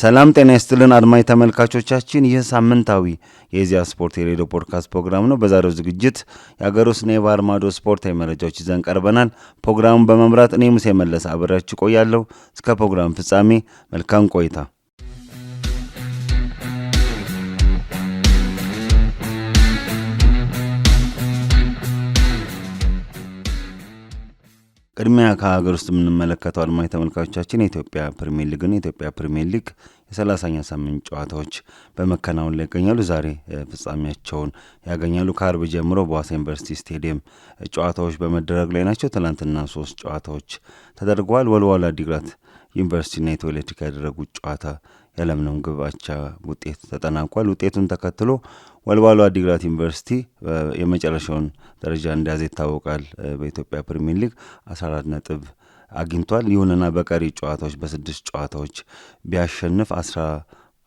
ሰላም ጤና ይስጥልን አድማጭ ተመልካቾቻችን፣ ይህ ሳምንታዊ የኢዜአ ስፖርት የሬዲዮ ፖድካስት ፕሮግራም ነው። በዛሬው ዝግጅት የአገር ውስጥና የባህር ማዶ ስፖርታዊ መረጃዎች ይዘን ቀርበናል። ፕሮግራሙን በመምራት እኔ ሙሴ መለስ አብሬያችሁ ቆያለሁ። እስከ ፕሮግራም ፍጻሜ መልካም ቆይታ ቅድሚያ ከሀገር ውስጥ የምንመለከተው አድማጭ ተመልካቾቻችን የኢትዮጵያ ፕሪሚየር ሊግን የኢትዮጵያ ፕሪሚየር ሊግ የሰላሳኛ ሳምንት ጨዋታዎች በመከናወን ላይ ይገኛሉ። ዛሬ ፍጻሜያቸውን ያገኛሉ። ከአርብ ጀምሮ በዋሳ ዩኒቨርሲቲ ስቴዲየም ጨዋታዎች በመደረግ ላይ ናቸው። ትናንትና ሶስት ጨዋታዎች ተደርገዋል። ወልዋሎ ዓዲግራት ዩኒቨርሲቲና ኢትዮ ኤሌክትሪክ ያደረጉት ጨዋታ ያለምንም ግብ አቻ ውጤት ተጠናቋል። ውጤቱን ተከትሎ ወልዋሎ አዲግራት ዩኒቨርሲቲ የመጨረሻውን ደረጃ እንደያዘ ይታወቃል። በኢትዮጵያ ፕሪሚየር ሊግ 14 ነጥብ አግኝቷል። ይሁንና በቀሪ ጨዋታዎች በስድስት ጨዋታዎች ቢያሸንፍ አስራ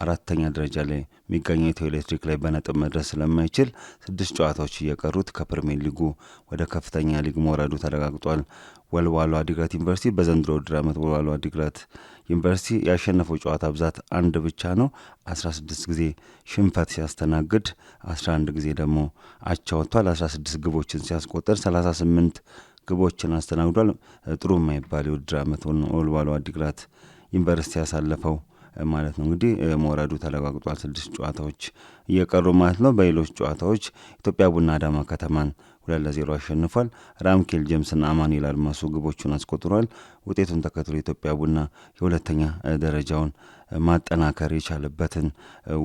አራተኛ ደረጃ ላይ የሚገኘው ኢትዮ ኤሌክትሪክ ላይ በነጥብ መድረስ ስለማይችል ስድስት ጨዋታዎች እየቀሩት ከፕሪሚየር ሊጉ ወደ ከፍተኛ ሊግ መውረዱ ተረጋግጧል። ወልዋሎ አዲግራት ዩኒቨርሲቲ በዘንድሮ ውድድር ዓመት ወልዋሎ አዲግራት ዩኒቨርሲቲ ያሸነፈው ጨዋታ ብዛት አንድ ብቻ ነው። 16 ጊዜ ሽንፈት ሲያስተናግድ 11 ጊዜ ደግሞ አቻ ወጥቷል። 16 ግቦችን ሲያስቆጠር 38 ግቦችን አስተናግዷል። ጥሩ የማይባል የውድድር ዓመት ወልዋሎ አዲግራት ዩኒቨርሲቲ ያሳለፈው ማለት ነው። እንግዲህ መውረዱ ተረጋግጧል። ስድስት ጨዋታዎች እየቀሩ ማለት ነው። በሌሎች ጨዋታዎች ኢትዮጵያ ቡና አዳማ ከተማን ሁለት ለዜሮ አሸንፏል። ራምኬል ጀምስና አማኑኤል አድማሱ ግቦቹን አስቆጥሯል። ውጤቱን ተከትሎ ኢትዮጵያ ቡና የሁለተኛ ደረጃውን ማጠናከር የቻለበትን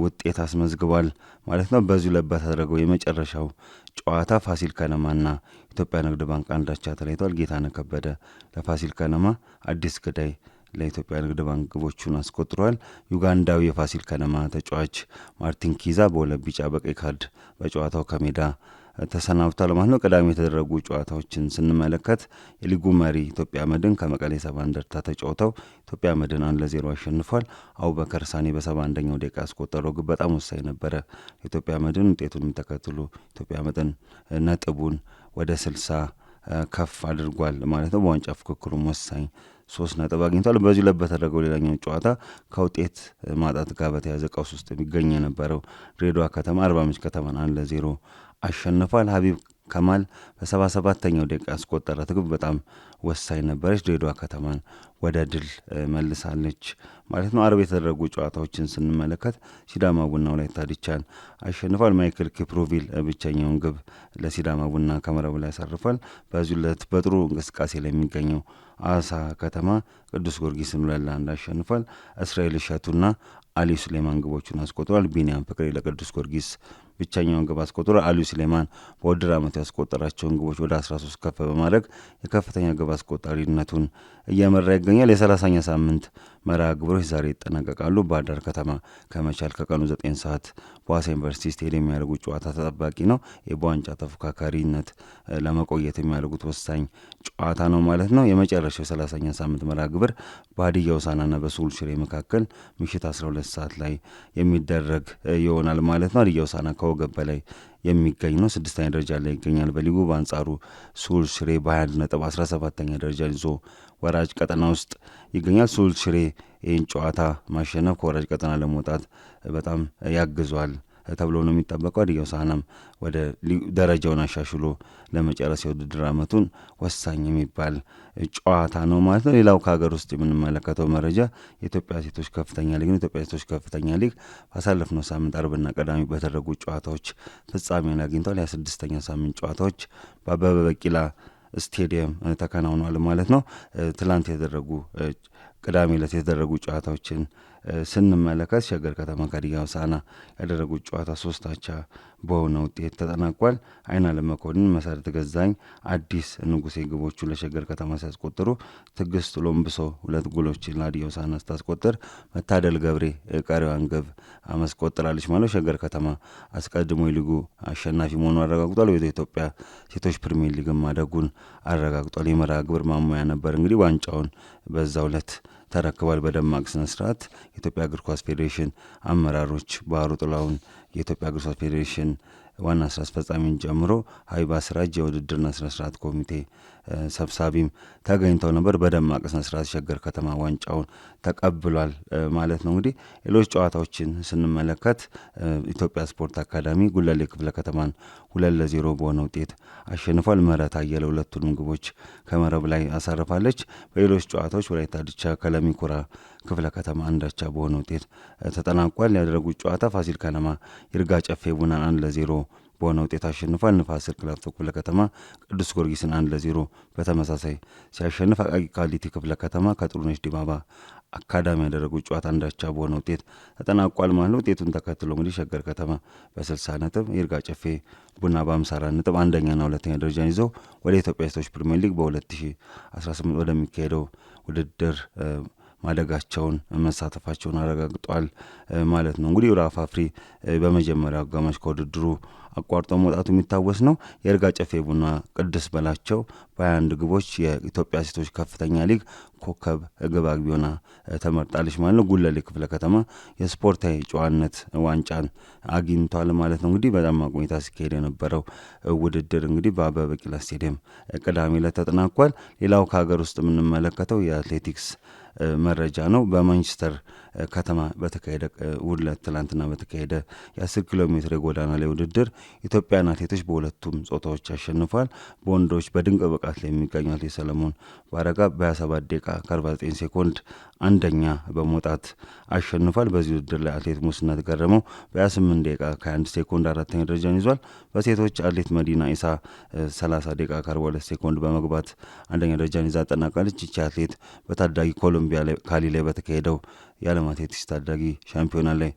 ውጤት አስመዝግቧል ማለት ነው። በዚሁ ዕለት በተደረገው የመጨረሻው ጨዋታ ፋሲል ከነማና ኢትዮጵያ ንግድ ባንክ አንዳቻ ተለያይተዋል። ጌታነህ ከበደ ለፋሲል ከነማ፣ አዲስ ግዳይ ለኢትዮጵያ ንግድ ባንክ ግቦቹን አስቆጥሯል። ዩጋንዳዊ የፋሲል ከነማ ተጫዋች ማርቲን ኪዛ በሁለት ቢጫ በቀይ ካርድ በጨዋታው ከሜዳ ተሰናብቷል ማለት ነው። ቅዳሜ የተደረጉ ጨዋታዎችን ስንመለከት የሊጉ መሪ ኢትዮጵያ መድን ከመቀሌ ሰባ እንደርታ ተጫውተው ኢትዮጵያ መድን አንድ ለዜሮ አሸንፏል። አቡበከር ሳኔ በሰባ አንደኛው ደቂቃ ያስቆጠረው ግብ በጣም ወሳኝ ነበረ። ኢትዮጵያ መድን ውጤቱን የሚተከትሉ ኢትዮጵያ መድን ነጥቡን ወደ ስልሳ ከፍ አድርጓል ማለት ነው። በዋንጫ ፉክክሩም ወሳኝ ሶስት ነጥብ አግኝቷል። በዚሁ ለብ በተደረገው ሌላኛው ጨዋታ ከውጤት ማጣት ጋር በተያዘ ቀውስ ውስጥ የሚገኝ የነበረው ድሬዳዋ ከተማ አርባ ምንጭ ከተማን አንድ ለዜሮ አሸንፏል። ሀቢብ ከማል በሰባ ሰባተኛው ደቂቃ ያስቆጠረ ትግብ በጣም ወሳኝ ነበረች። ድሬዳዋ ከተማን ወደ ድል መልሳለች ማለት ነው። አርብ የተደረጉ ጨዋታዎችን ስንመለከት ሲዳማ ቡና ወላይታ ዲቻን አሸንፏል። ማይክል ኪፕሩቪል ብቸኛውን ግብ ለሲዳማ ቡና ከመረቡ ላይ ያሳርፏል። በዚሁ ዕለት በጥሩ እንቅስቃሴ ላይ የሚገኘው አሳ ከተማ ቅዱስ ጊዮርጊስን ሁለት ለአንድ አሸንፏል። እስራኤል እሸቱና አሊ ሱሌማን ግቦቹን አስቆጥሯል። ቢኒያም ፍቅሬ ለቅዱስ ጊዮርጊስ ብቸኛውን ግብ አስቆጥሯል። አሊ ሱሌማን በውድድር ዓመቱ ያስቆጠራቸውን ግቦች ወደ 13 ከፍ በማድረግ የከፍተኛ ግብ አስቆጣሪነቱን እየመራ ይገኛል። የሰላሳኛ ሳምንት መርሃ ግብሮች ዛሬ ይጠናቀቃሉ። ባህር ዳር ከተማ ከመቻል ከቀኑ 9 ሰዓት በዋሳ ዩኒቨርሲቲ ስቴዲየም የሚያደርጉት ጨዋታ ተጠባቂ ነው። የቧንጫ ተፎካካሪነት ለመቆየት የሚያደርጉት ወሳኝ ጨዋታ ነው ማለት ነው። የመጨረሻው የ30ኛ ሳምንት መርሃ ግብር በሀዲያ ሆሳዕናና በሱል ሽሬ መካከል ምሽት 12 ሰዓት ላይ የሚደረግ ይሆናል ማለት ነው። ሀዲያ ሆሳዕና ከወገብ በላይ የሚገኝ ነው። ስድስተኛ ደረጃ ላይ ይገኛል በሊጉ። በአንጻሩ ስሁል ሽሬ በ21 ነጥብ 17ተኛ ደረጃ ይዞ ወራጅ ቀጠና ውስጥ ይገኛል። ስሁል ሽሬ ይህን ጨዋታ ማሸነፍ ከወራጅ ቀጠና ለመውጣት በጣም ያግዟል ተብሎ ነው የሚጠበቀው። ዲዮ ሳናም ወደ ደረጃውን አሻሽሎ ለመጨረስ የውድድር ዓመቱን ወሳኝ የሚባል ጨዋታ ነው ማለት ነው። ሌላው ከሀገር ውስጥ የምንመለከተው መረጃ የኢትዮጵያ ሴቶች ከፍተኛ ሊግ ነው። ኢትዮጵያ ሴቶች ከፍተኛ ሊግ ባሳለፍነው ሳምንት አርብና ቀዳሚ በተደረጉ ጨዋታዎች ፍጻሜውን አግኝተዋል። የ ስድስተኛ ሳምንት ጨዋታዎች በአበበ ቢቂላ ስቴዲየም ተከናውኗል ማለት ነው። ትላንት የተደረጉ ቅዳሜ ዕለት የተደረጉ ጨዋታዎችን ስንመለከት ሸገር ከተማ ከሀዲያ ሆሳዕና ያደረጉት ጨዋታ ሶስት አቻ በሆነ ውጤት ተጠናቋል። አይና ለመኮንን፣ መሰረት ገዛኝ፣ አዲስ ንጉሴ ግቦቹ ለሸገር ከተማ ሲያስቆጥሩ ትግስት ሎምብሶ ሁለት ጎሎችን ለሀዲያ ሆሳዕና ስታስቆጥር መታደል ገብሬ ቀሪዋን ግብ አመስቆጥራለች ማለት ሸገር ከተማ አስቀድሞ ሊጉ አሸናፊ መሆኑ አረጋግጧል። ወደ ኢትዮጵያ ሴቶች ፕሪሚየር ሊግም ማደጉን አረጋግጧል። የመርሃ ግብር ማሟያ ነበር እንግዲህ ዋንጫውን በዛ ሁለት ተረክቧል። በደማቅ ስነ ስርዓት የኢትዮጵያ እግር ኳስ ፌዴሬሽን አመራሮች ባህሩ ጥላሁን የኢትዮጵያ እግር ኳስ ፌዴሬሽን ዋና ስራ አስፈጻሚን ጨምሮ ሀቢባ ስራጅ የውድድርና ስነ ስርዓት ኮሚቴ ሰብሳቢም ተገኝተው ነበር። በደማቅ ስነስርዓት ሸገር ከተማ ዋንጫውን ተቀብሏል ማለት ነው። እንግዲህ ሌሎች ጨዋታዎችን ስንመለከት ኢትዮጵያ ስፖርት አካዳሚ ጉለሌ ክፍለ ከተማን ሁለት ለዜሮ በሆነ ውጤት አሸንፏል። ምህረት አየለ ሁለቱን ምግቦች ከመረብ ላይ አሳርፋለች። በሌሎች ጨዋታዎች ወላይታ ድቻ ከለሚኩራ ክፍለ ከተማ አንዳቻ በሆነ ውጤት ተጠናቋል። ያደረጉት ጨዋታ ፋሲል ከነማ ይርጋ ጨፌ ቡናን አንድ ለዜሮ በሆነ ውጤት አሸንፏል። ንፋስ ስልክ ላፍቶ ክፍለ ከተማ ቅዱስ ጊዮርጊስን አንድ ለዜሮ በተመሳሳይ ሲያሸንፍ፣ አቃቂ ቃሊቲ ክፍለ ከተማ ከጥሩነሽ ዲባባ አካዳሚ ያደረጉት ጨዋታ አንዳቻ በሆነ ውጤት ተጠናቋል ማለት ነው። ውጤቱን ተከትሎ እንግዲህ ሸገር ከተማ በ60 ነጥብ፣ ይርጋ ጨፌ ቡና በ54 ነጥብ አንደኛና ሁለተኛ ደረጃን ይዘው ወደ ኢትዮጵያ ሴቶች ፕሪሚየር ሊግ በ2018 ወደሚካሄደው ውድድር ማደጋቸውን መሳተፋቸውን አረጋግጧል ማለት ነው። እንግዲህ ራፋፍሪ ፍሪ በመጀመሪያው አጋማሽ ከውድድሩ አቋርጦ መውጣቱ የሚታወስ ነው። የእርጋ ጨፌ ቡና ቅድስ በላቸው በ ግቦች የኢትዮጵያ ሴቶች ከፍተኛ ሊግ ኮከብ ግብ አግቢ ሆና ተመርጣለች ማለት ነው። ጉለሌ ክፍለ ከተማ የስፖርታዊ ጨዋነት ዋንጫን አግኝቷል ማለት ነው። እንግዲህ በጣም ቁኝታ ሲካሄድ የነበረው ውድድር እንግዲህ በአበበ ቢቂላ ስቴዲየም ቅዳሜ ዕለት ተጠናቋል። ሌላው ከሀገር ውስጥ የምንመለከተው የአትሌቲክስ መረጃ ነው። በማንቸስተር ከተማ በተካሄደ ውድለት ትላንትና በተካሄደ የአስር 10 ኪሎ ሜትር የጎዳና ላይ ውድድር ኢትዮጵያን አትሌቶች በሁለቱም ጾታዎች አሸንፏል። በወንዶች በድንቅ ብቃት ላይ የሚገኙ አትሌት ሰለሞን ባረጋ በ27 ደቂቃ ከ49 ሴኮንድ አንደኛ በመውጣት አሸንፏል። በዚህ ውድድር ላይ አትሌት ሙስነት ገረመው በ28 ደቂቃ ከ21 ሴኮንድ አራተኛ ደረጃን ይዟል። በሴቶች አትሌት መዲና ኢሳ 30 ደቂቃ ከ42 ሴኮንድ በመግባት አንደኛ ደረጃን ይዛ አጠናቃለች። ይቺ አትሌት በታዳጊ ኮሎምቢያ ካሊ ላይ በተካሄደው የዓለም አትሌቲክስ ታዳጊ ሻምፒዮና ላይ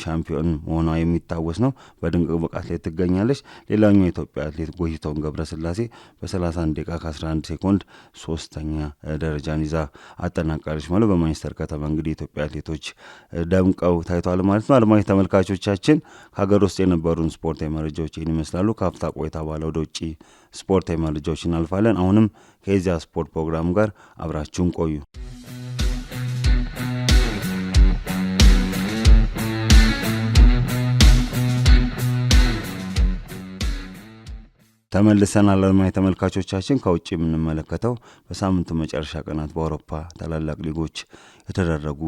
ሻምፒዮን መሆኗ የሚታወስ ነው። በድንቅ ብቃት ላይ ትገኛለች። ሌላኛው የኢትዮጵያ አትሌት ጎይተውን ገብረስላሴ በ31 ደቂቃ ከ11 ሴኮንድ ሶስተኛ ደረጃን ይዛ አጠናቃለች ማለት በማንቸስተር ከተማ እንግዲህ ኢትዮጵያ አትሌቶች ደምቀው ታይተዋል ማለት ነው። አድማጭ ተመልካቾቻችን ከሀገር ውስጥ የነበሩን ስፖርታዊ መረጃዎች ይህን ይመስላሉ። ከአፍታ ቆይታ በኋላ ወደ ውጭ ስፖርታዊ መረጃዎች እናልፋለን። አሁንም ከዚያ ስፖርት ፕሮግራም ጋር አብራችሁን ቆዩ። ተመልሰናል አለማዊ ተመልካቾቻችን። ከውጭ የምንመለከተው በሳምንቱ መጨረሻ ቀናት በአውሮፓ ታላላቅ ሊጎች የተደረጉ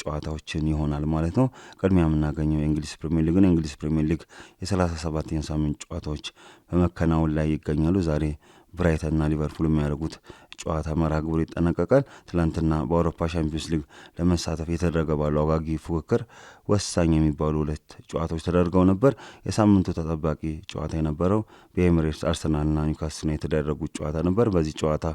ጨዋታዎችን ይሆናል ማለት ነው። ቅድሚያ የምናገኘው የእንግሊዝ ፕሪሚየር ሊግን የእንግሊዝ ፕሪሚየር ሊግ የሰላሳ ሰባተኛ ሳምንት ጨዋታዎች በመከናወን ላይ ይገኛሉ። ዛሬ ብራይተንና ሊቨርፑል የሚያደርጉት ጨዋታ መርሃ ግብር ይጠናቀቃል። ትላንትና በአውሮፓ ሻምፒዮንስ ሊግ ለመሳተፍ የተደረገ ባለው አጓጊ ፉክክር ወሳኝ የሚባሉ ሁለት ጨዋታዎች ተደርገው ነበር። የሳምንቱ ተጠባቂ ጨዋታ የነበረው በኤሚሬትስ አርሰናልና ኒውካስል ዩናይትድ ጨዋታ ነበር። በዚህ ጨዋታ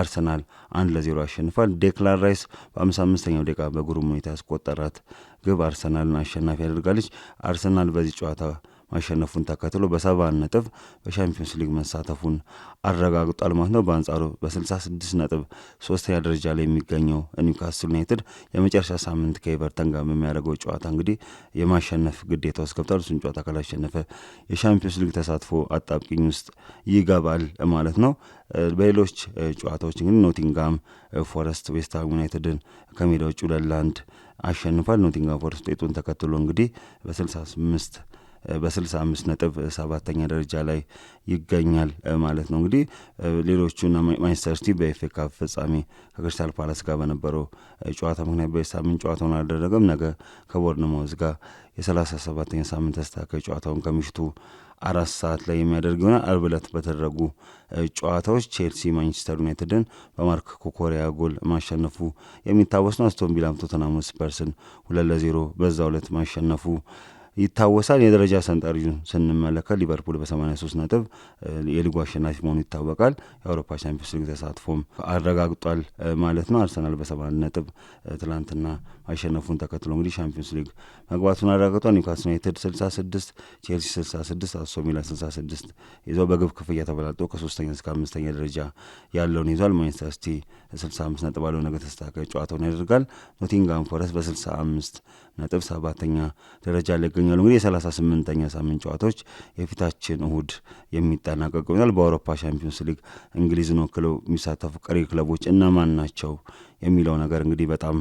አርሰናል አንድ ለዜሮ አሸንፏል። ዴክላን ራይስ በአምሳ አምስተኛው ደቂቃ በግሩም ሁኔታ ያስቆጠራት ግብ አርሰናልን አሸናፊ ያደርጋለች። አርሰናል በዚህ ጨዋታ ማሸነፉን ተከትሎ በሰባ ነጥብ በሻምፒዮንስ ሊግ መሳተፉን አረጋግጧል ማለት ነው። በአንጻሩ በ66 ነጥብ ሶስተኛ ደረጃ ላይ የሚገኘው ኒውካስትል ዩናይትድ የመጨረሻ ሳምንት ከኤቨርተን ጋር በሚያደርገው ጨዋታ እንግዲህ የማሸነፍ ግዴታ ውስጥ ገብቷል። እሱን ጨዋታ ካላሸነፈ የሻምፒዮንስ ሊግ ተሳትፎ አጣብቂኝ ውስጥ ይገባል ማለት ነው። በሌሎች ጨዋታዎች እንግዲህ ኖቲንጋም ፎረስት ዌስትሃም ዩናይትድን ከሜዳ ውጭ ሁለት ለአንድ አሸንፏል። ኖቲንጋም ፎረስት ውጤቱን ተከትሎ እንግዲህ በ65 በ65 ነጥብ ሰባተኛ ደረጃ ላይ ይገኛል ማለት ነው። እንግዲህ ሌሎቹና ማንቸስተር ሲቲ በኤፍ ኤ ካፕ ፍጻሜ ከክሪስታል ፓላስ ጋር በነበረው ጨዋታ ምክንያት በሳምንት ጨዋታውን አላደረገም። ነገ ከቦርንማውዝ ጋር የሰላሳ ሰባተኛ ሳምንት ተስተካካይ ጨዋታውን ከምሽቱ አራት ሰዓት ላይ የሚያደርግ ይሆናል። አርብ ዕለት በተደረጉ ጨዋታዎች ቼልሲ ማንቸስተር ዩናይትድን በማርክ ኮኮሪያ ጎል ማሸነፉ የሚታወስ ነው። አስቶን ቪላም ቶተንሃም ስፐርስን ሁለት ለዜሮ በዛው ዕለት ማሸነፉ ይታወሳል። የደረጃ ሰንጠረዡን ስንመለከት ሊቨርፑል በ83 ነጥብ የሊጉ አሸናፊ መሆኑ ይታወቃል። የአውሮፓ ቻምፒዮንስ ሊግ ተሳትፎም አረጋግጧል ማለት ነው። አርሰናል በ71 ነጥብ ትላንትና ማሸነፉን ተከትሎ እንግዲህ ቻምፒዮንስ ሊግ መግባቱን አረጋግጧል። ኒውካስል ዩናይትድ 66፣ ቼልሲ 66፣ አሶ ሚላን 66 ይዘው በግብ ክፍያ ተበላልጦ ከሶስተኛ እስከ አምስተኛ ደረጃ ያለውን ይዟል። ማንቸስተር ሲቲ 65 ነጥብ አለው። ነገ ተስተካካይ ጨዋታውን ያደርጋል። ኖቲንግሃም ፎረስት በ65 ነጥብ ሰባተኛ ደረጃ ላይ ይገኛል። ይገኛሉ። እንግዲህ የሰላሳ ስምንተኛ ሳምንት ጨዋታዎች የፊታችን እሁድ የሚጠናቀቅ ይሆናል። በአውሮፓ ሻምፒዮንስ ሊግ እንግሊዝን ወክለው የሚሳተፉ ቀሪ ክለቦች እነማን ናቸው የሚለው ነገር እንግዲህ በጣም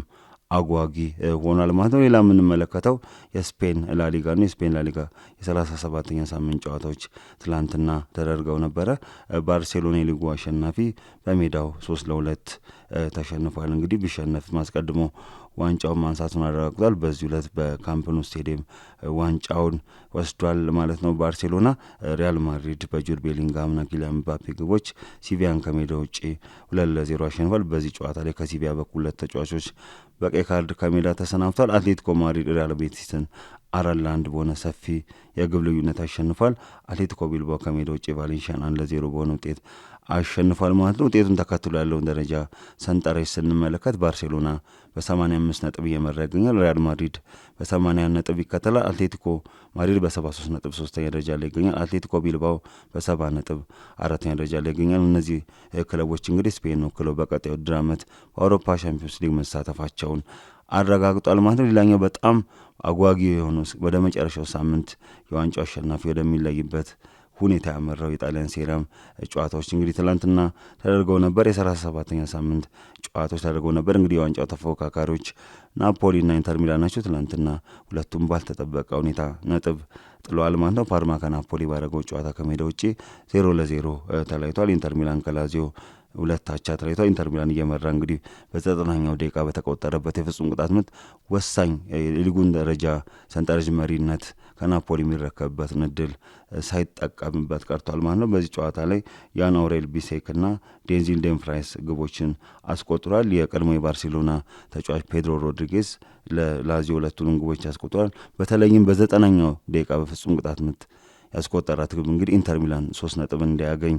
አጓጊ ሆኗል ማለት ነው። ሌላ የምንመለከተው የስፔን ላሊጋ ነው። የስፔን ላሊጋ የሰላሳ ሰባተኛ ሳምንት ጨዋታዎች ትላንትና ተደርገው ነበረ። ባርሴሎና የሊጉ አሸናፊ በሜዳው ሶስት ለሁለት ተሸንፏል። እንግዲህ ቢሸነፍ አስቀድሞ ዋንጫውን ማንሳቱን አረጋግጧል። በዚህ ሁለት በካምፕኑ ስቴዲየም ዋንጫውን ወስዷል ማለት ነው። ባርሴሎና ሪያል ማድሪድ በጁድ ቤሊንጋምና ኪሊያን ምባፔ ግቦች ሲቪያን ከሜዳ ውጭ ሁለት ለዜሮ አሸንፏል። በዚህ ጨዋታ ላይ ከሲቪያ በኩል ሁለት ተጫዋቾች በቀይ ካርድ ከሜዳ ተሰናብቷል። አትሌቲኮ ማድሪድ ሪያል ቤቲስን አራት ለአንድ በሆነ ሰፊ የግብ ልዩነት አሸንፏል። አትሌቲኮ ቢልባኦ ከሜዳ ውጭ ቫሌንሽያን አንድ ለዜሮ በሆነ ውጤት አሸንፏል ማለት ነው። ውጤቱን ተከትሎ ያለውን ደረጃ ሰንጠረዥ ስንመለከት ባርሴሎና በ85 ነጥብ እየመራ ይገኛል። ሪያል ማድሪድ በ80 ነጥብ ይከተላል። አትሌቲኮ ማድሪድ በ73 ነጥብ ሶስተኛ ደረጃ ላይ ይገኛል። አትሌቲኮ ቢልባው በ70 ነጥብ አራተኛ ደረጃ ላይ ይገኛል። እነዚህ ክለቦች እንግዲህ ስፔን ወክለው በቀጣዩ ውድድር ዓመት በአውሮፓ ሻምፒዮንስ ሊግ መሳተፋቸውን አረጋግጧል ማለት ነው። ሌላኛው በጣም አጓጊ የሆነው ወደ መጨረሻው ሳምንት የዋንጫው አሸናፊ ወደሚለይበት ሁኔታ ያመራው የጣሊያን ሴሪያም ጨዋታዎች እንግዲህ ትላንትና ተደርገው ነበር። የሰላሳ ሰባተኛ ሳምንት ጨዋታዎች ተደርገው ነበር። እንግዲህ የዋንጫው ተፎካካሪዎች ናፖሊና ኢንተር ሚላን ናቸው። ትላንትና ሁለቱም ባልተጠበቀ ሁኔታ ነጥብ ጥለዋል ማለት ነው። ፓርማ ከናፖሊ ባደረገው ጨዋታ ከሜዳ ውጭ ዜሮ ለዜሮ ተለያይቷል። ኢንተር ሚላን ከላዚዮ ሁለት አቻ ተለይቶ ኢንተር ሚላን እየመራ እንግዲህ በዘጠናኛው ደቂቃ በተቆጠረበት የፍጹም ቅጣት ምት ወሳኝ የሊጉን ደረጃ ሰንጠረዥ መሪነት ከናፖሊ የሚረከብበትን እድል ሳይጠቀምበት ቀርቷል ማለት ነው። በዚህ ጨዋታ ላይ ያን ኦሬል ቢሴክና ዴንዚል ዴምፍራይስ ግቦችን አስቆጥሯል። የቀድሞ የባርሴሎና ተጫዋች ፔድሮ ሮድሪጌዝ ለላዚዮ ሁለቱንም ግቦች ያስቆጥሯል። በተለይም በዘጠናኛው ደቂቃ በፍጹም ቅጣት ምት ያስቆጠራት ግብ እንግዲህ ኢንተር ሚላን ሶስት ነጥብ እንዲያገኝ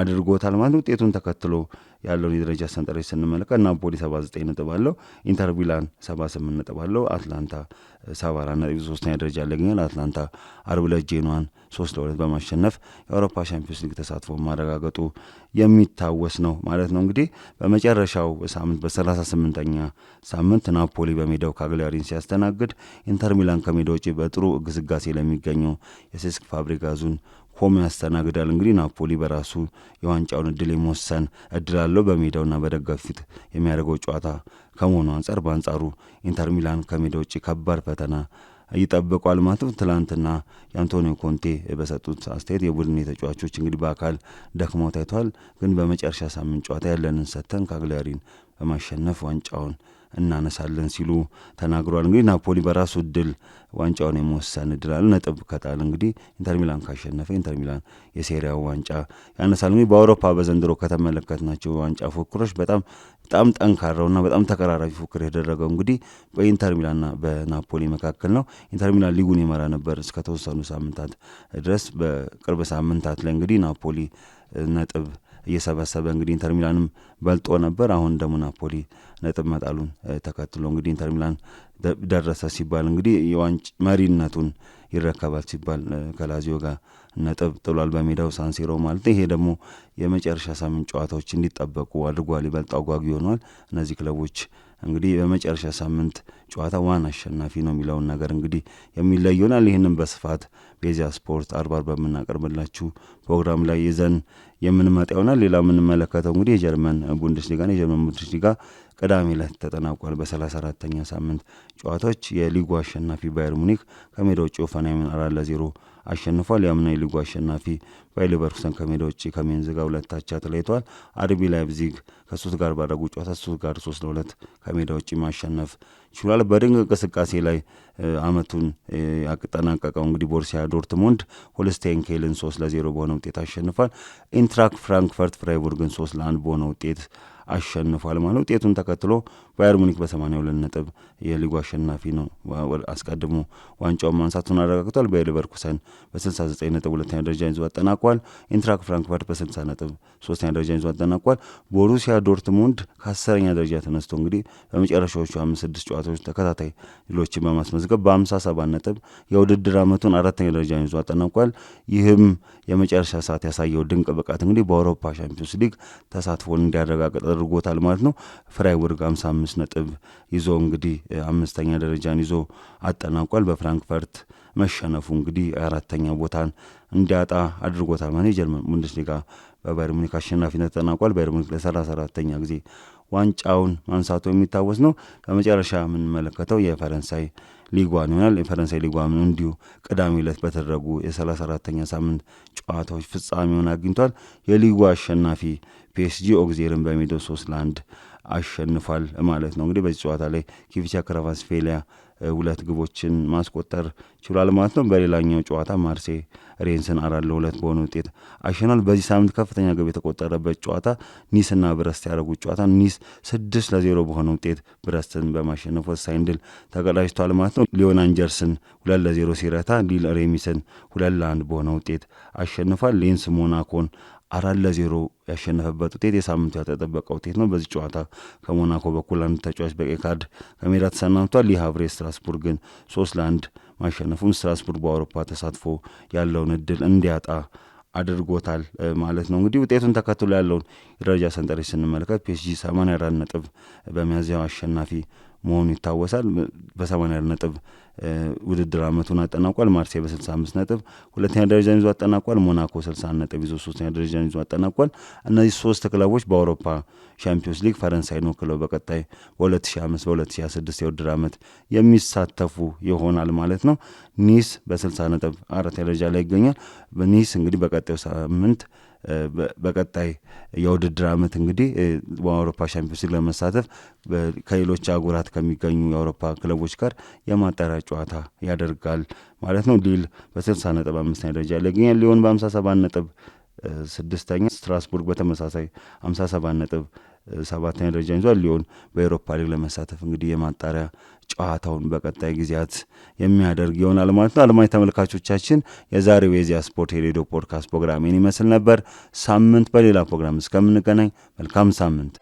አድርጎታል ማለት ውጤቱን ተከትሎ ያለውን የደረጃ ሰንጠረዥ ስንመለከት ናፖሊ 79 ነጥብ አለው። ኢንተር ሚላን 78 ነጥብ አለው። አትላንታ 74 ነጥብ ሶስተኛ ደረጃ ላይ አትላንታ አርብ ዕለት ጄኗን ሶስት ለሁለት በማሸነፍ የአውሮፓ ሻምፒዮንስ ሊግ ተሳትፎ ማረጋገጡ የሚታወስ ነው ማለት ነው። እንግዲህ በመጨረሻው ሳምንት በ38ኛ ሳምንት ናፖሊ በሜዳው ካግሊያሪን ሲያስተናግድ ኢንተር ሚላን ከሜዳ ውጭ በጥሩ ግስጋሴ ለሚገኘው የሴስክ ፋብሪጋዙን ኮሞ ያስተናግዳል። እንግዲህ ናፖሊ በራሱ የዋንጫውን እድል የመወሰን እድል አለው በሜዳውና በደጋፊው ፊት የሚያደርገው ጨዋታ ከመሆኑ አንጻር። በአንጻሩ ኢንተር ሚላን ከሜዳ ውጭ ከባድ ፈተና ይጠብቋል ማለትም ትላንትና የአንቶኒዮ ኮንቴ በሰጡት አስተያየት የቡድን ተጫዋቾች እንግዲህ በአካል ደክመው ታይቷል፣ ግን በመጨረሻ ሳምንት ጨዋታ ያለንን ሰተን ካግሊያሪን በማሸነፍ ዋንጫውን እናነሳለን ሲሉ ተናግሯል እንግዲህ ናፖሊ በራሱ እድል ዋንጫውን የመወሰን እድል አለ። ነጥብ ከጣል እንግዲህ ኢንተር ሚላን ካሸነፈ ኢንተር ሚላን የሴሪያው ዋንጫ ያነሳል። እንግዲህ በአውሮፓ በዘንድሮ ከተመለከትናቸው ዋንጫ ፉክክሮች በጣም በጣም ጠንካራውና በጣም ተቀራራቢ ፉክክር የተደረገው እንግዲህ በኢንተር ሚላንና በናፖሊ መካከል ነው። ኢንተር ሚላን ሊጉን ይመራ ነበር እስከተወሰኑ ሳምንታት ድረስ። በቅርብ ሳምንታት ላይ እንግዲህ ናፖሊ ነጥብ እየሰበሰበ እንግዲህ ኢንተር ሚላንም በልጦ ነበር። አሁን ደግሞ ናፖሊ ነጥብ መጣሉን ተከትሎ እንግዲህ ኢንተር ሚላን ደረሰ ሲባል እንግዲህ የዋንጭ መሪነቱን ይረከባል ሲባል ከላዚዮ ጋር ነጥብ ጥሏል በሜዳው ሳንሲሮ ማለት ይሄ ደግሞ የመጨረሻ ሳምንት ጨዋታዎች እንዲጠበቁ አድርጓል። ይበልጥ አጓጊ ሆኗል። እነዚህ ክለቦች እንግዲህ በመጨረሻ ሳምንት ጨዋታ ዋን አሸናፊ ነው የሚለውን ነገር እንግዲህ የሚለይ ይሆናል። ይህንም በስፋት ቤዚያ ስፖርት አርብ አርብ በምናቀርብላችሁ ፕሮግራም ላይ ይዘን የምንመጣ ይሆናል። ሌላ የምንመለከተው እንግዲህ የጀርመን ቡንደስሊጋ ነው። የጀርመን ቡንደስሊጋ ቅዳሜ ላይ ተጠናቋል። በሰላሳ አራተኛ ሳምንት ጨዋታዎች የሊጉ አሸናፊ ባየር ሙኒክ ከሜዳ ውጭ ሆፈንሃይምን አራት ለዜሮ አሸንፏል። ያምና የሊጉ አሸናፊ ባየር ሌቨርኩሰን ከሜዳ ውጭ ከሜንዝ ጋር ሁለት አቻ ተለይተዋል። አርቢ ላይፕዚግ ከሶስት ጋር ባደረጉ ጨዋታ ሶስት ጋር ሶስት ለሁለት ከሜዳ ውጭ ማሸነፍ ችሏል። በድንቅ እንቅስቃሴ ላይ አመቱን ያጠናቀቀው እንግዲህ ቦርሲያ ዶርትሙንድ ሆልስቴን ኬልን ሶስት ለዜሮ በሆነ ውጤት አሸንፏል። ኢንትራክ ፍራንክፈርት ፍራይቡርግን ሶስት ለአንድ በሆነ ውጤት አሸንፏል ማለት ውጤቱን ተከትሎ ባየር ሙኒክ በሰማኒያ ሁለት ነጥብ የሊጉ አሸናፊ ነው። አስቀድሞ ዋንጫውን ማንሳቱን አረጋግጧል። ባየር ሌቨርኩሰን በ69 ነጥብ ሁለተኛ ደረጃ ይዞ አጠናቋል። ኢንትራክ ፍራንክፈርት በ 6 ነጥብ ሶስተኛ ደረጃ ይዞ አጠናቋል። ቦሩሲያ ዶርትሙንድ ከአስረኛ ደረጃ ተነስቶ እንግዲህ በመጨረሻዎቹ አምስት ስድስት ጨዋታዎች ተከታታይ ድሎችን በማስመዝገብ በአምሳ 57 ነጥብ የውድድር አመቱን አራተኛ ደረጃ ይዞ አጠናቋል። ይህም የመጨረሻ ሰዓት ያሳየው ድንቅ ብቃት እንግዲህ በአውሮፓ ሻምፒዮንስ ሊግ ተሳትፎን እንዲያረጋግጥ አድርጎታል ማለት ነው። ፍራይቡርግ 55 አምስት ነጥብ ይዞ እንግዲህ አምስተኛ ደረጃን ይዞ አጠናቋል። በፍራንክፈርት መሸነፉ እንግዲህ አራተኛ ቦታን እንዲያጣ አድርጎታል። ማለት የጀርመን ቡንደስሊጋ በባየር ሙኒክ አሸናፊነት ተጠናቋል። ባየር ሙኒክ ለሰላሳ አራተኛ ጊዜ ዋንጫውን ማንሳቱ የሚታወስ ነው። በመጨረሻ የምንመለከተው የፈረንሳይ ሊጓን ይሆናል። የፈረንሳይ ሊጓን እንዲሁ ቅዳሜ ዕለት በተደረጉ የሰላሳ አራተኛ ሳምንት ጨዋታዎች ፍጻሜውን አግኝቷል። የሊጉ አሸናፊ ፒኤስጂ ኦግዜርን በሜዶ ሶስት ለአንድ አሸንፏል ማለት ነው። እንግዲህ በዚህ ጨዋታ ላይ ኪቪቻ ክራቫስፌሊያ ሁለት ግቦችን ማስቆጠር ችሏል ማለት ነው። በሌላኛው ጨዋታ ማርሴ ሬንስን አራት ለሁለት በሆነ ውጤት አሸናል። በዚህ ሳምንት ከፍተኛ ግብ የተቆጠረበት ጨዋታ ኒስና ብረስት ያደረጉት ጨዋታ ኒስ ስድስት ለዜሮ በሆነ ውጤት ብረስትን በማሸነፍ ወሳኝ ድል ተቀዳጅቷል ማለት ነው። ሊዮን አንጀርስን ሁለት ለዜሮ ሲረታ ሊል ሬሚስን ሁለት ለአንድ በሆነ ውጤት አሸንፏል። ሌንስ ሞናኮን አራት ለዜሮ ያሸነፈበት ውጤት የሳምንቱ ያልተጠበቀ ውጤት ነው። በዚህ ጨዋታ ከሞናኮ በኩል አንድ ተጫዋች በቀይ ካርድ ከሜዳ ተሰናብቷል። ይህ ስትራስቡርግ ስትራስቡርግን ሶስት ለአንድ ማሸነፉን ስትራስቡርግ በአውሮፓ ተሳትፎ ያለውን እድል እንዲያጣ አድርጎታል ማለት ነው። እንግዲህ ውጤቱን ተከትሎ ያለውን የደረጃ ሰንጠረዥ ስንመለከት ፒኤስጂ 84 ነጥብ በመያዝ አሸናፊ መሆኑ ይታወሳል። በ84 ነጥብ ውድድር አመቱን አጠናቋል። ማርሴ በ65 ነጥብ ሁለተኛ ደረጃን ይዞ አጠናቋል። ሞናኮ 60 ነጥብ ይዞ ሶስተኛ ደረጃን ይዞ አጠናቋል። እነዚህ ሶስት ክለቦች በአውሮፓ ሻምፒዮንስ ሊግ ፈረንሳይን ወክለው በቀጣይ በ2005 በ2006 የውድድር አመት የሚሳተፉ ይሆናል ማለት ነው። ኒስ በ60 ነጥብ አራት ደረጃ ላይ ይገኛል። ኒስ እንግዲህ በቀጣዩ ሳምንት በቀጣይ የውድድር ዓመት እንግዲህ በአውሮፓ ሻምፒዮንስ ሊግ ለመሳተፍ ከሌሎች አህጉራት ከሚገኙ የአውሮፓ ክለቦች ጋር የማጣሪያ ጨዋታ ያደርጋል ማለት ነው። ሊል በ60 ነጥብ አምስተኛ ደረጃ ላይ ይገኛል። ሊዮን በ57 ነጥብ ስድስተኛ፣ ስትራስቡርግ በተመሳሳይ 57 ነጥብ ሰባተኛ ደረጃ ይዟል። ሊሆን በኤሮፓ ሊግ ለመሳተፍ እንግዲህ የማጣሪያ ጨዋታውን በቀጣይ ጊዜያት የሚያደርግ ይሆናል ማለት ነው። አለማኝ ተመልካቾቻችን የዛሬው የኢዜአ ስፖርት የሬዲዮ ፖድካስት ፕሮግራሜን ይመስል ነበር። ሳምንት በሌላ ፕሮግራም እስከምንገናኝ መልካም ሳምንት